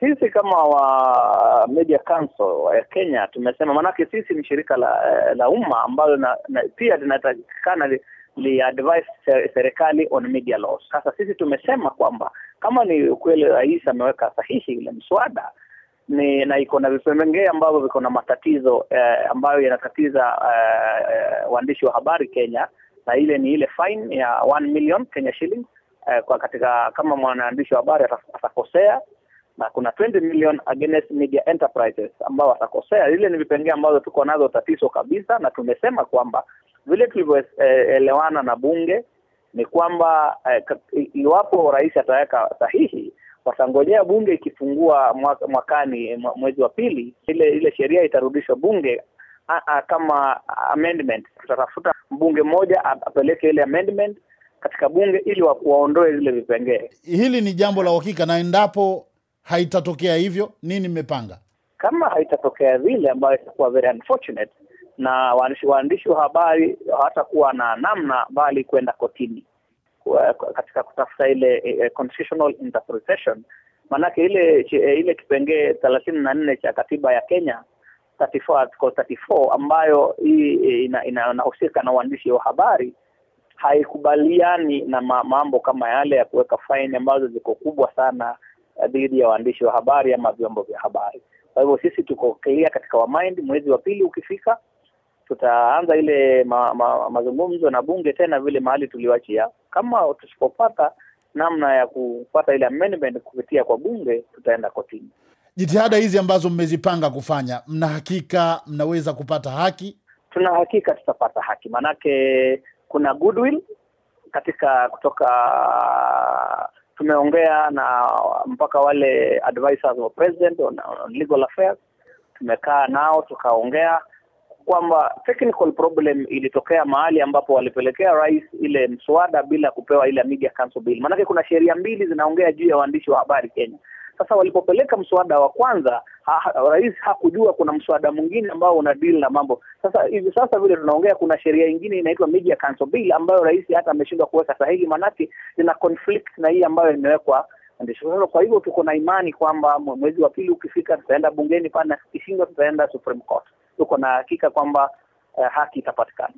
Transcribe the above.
Sisi kama wa Media Council ya Kenya tumesema, maanake sisi ni shirika la, la umma ambalo na, na, pia linatakikana li, li advise serikali on media laws. Sasa sisi tumesema kwamba kama ni ukweli rais ameweka sahihi ile mswada ni na iko na vipengee ambavyo viko na matatizo eh, ambayo yanatatiza eh, waandishi wa habari Kenya, na ile ni ile fine ya 1 million Kenya shilling eh, kwa katika kama mwanaandishi wa habari atakosea na kuna 20 million against media enterprises ambao watakosea. Ile ni vipengee ambazo tuko nazo tatizo kabisa, na tumesema kwamba vile tulivyoelewana na bunge ni kwamba eh, iwapo rais ataweka sahihi watangojea bunge ikifungua mwakani mwezi wa pili, ile ile sheria itarudishwa bunge a, a, kama amendment. Tutatafuta mbunge mmoja apeleke ile amendment katika bunge ili waondoe zile vipengee. Hili ni jambo la uhakika, na endapo haitatokea hivyo? Nini mmepanga? Kama haitatokea vile, ambayo itakuwa very unfortunate, na waandishi wa habari hawatakuwa na namna bali kwenda kotini katika kutafuta ile eh, constitutional interpretation maanake ile eh, ile kipengee thelathini na nne cha katiba ya Kenya 34, 34 ambayo hii inahusika ina, na uandishi wa habari haikubaliani na mambo kama yale ya kuweka faini ambazo ziko kubwa sana dhidi ya waandishi wa habari ama vyombo vya habari. Kwa hivyo sisi tuko clear katika wa mind, mwezi wa pili ukifika tutaanza ile ma, ma, mazungumzo na bunge tena vile mahali tuliwachia. Kama tusipopata namna ya kupata ile amendment kupitia kwa bunge, tutaenda kotini. Jitihada hizi ambazo mmezipanga kufanya, mna hakika mnaweza kupata haki? Tuna hakika tutapata haki, maanake kuna goodwill katika kutoka tumeongea na mpaka wale advisors wa president on, on legal affairs tumekaa nao tukaongea kwamba technical problem ilitokea mahali ambapo walipelekea rais ile mswada bila kupewa ile media council bill. Maanake kuna sheria mbili zinaongea juu ya waandishi wa habari Kenya. Sasa walipopeleka mswada wa kwanza ha, rais hakujua kuna mswada mwingine ambao una deal na mambo. Sasa hivi sasa vile tunaongea, kuna sheria nyingine inaitwa Media Council Bill ambayo rais hata ameshindwa kuweka sahihi, manake ina conflict na hii ambayo imewekwa kwa hivyo tuko na imani kwamba mwezi wa pili ukifika, tutaenda bungeni pana, tukishindwa tutaenda Supreme Court. Tuko na hakika kwamba uh, haki itapatikana.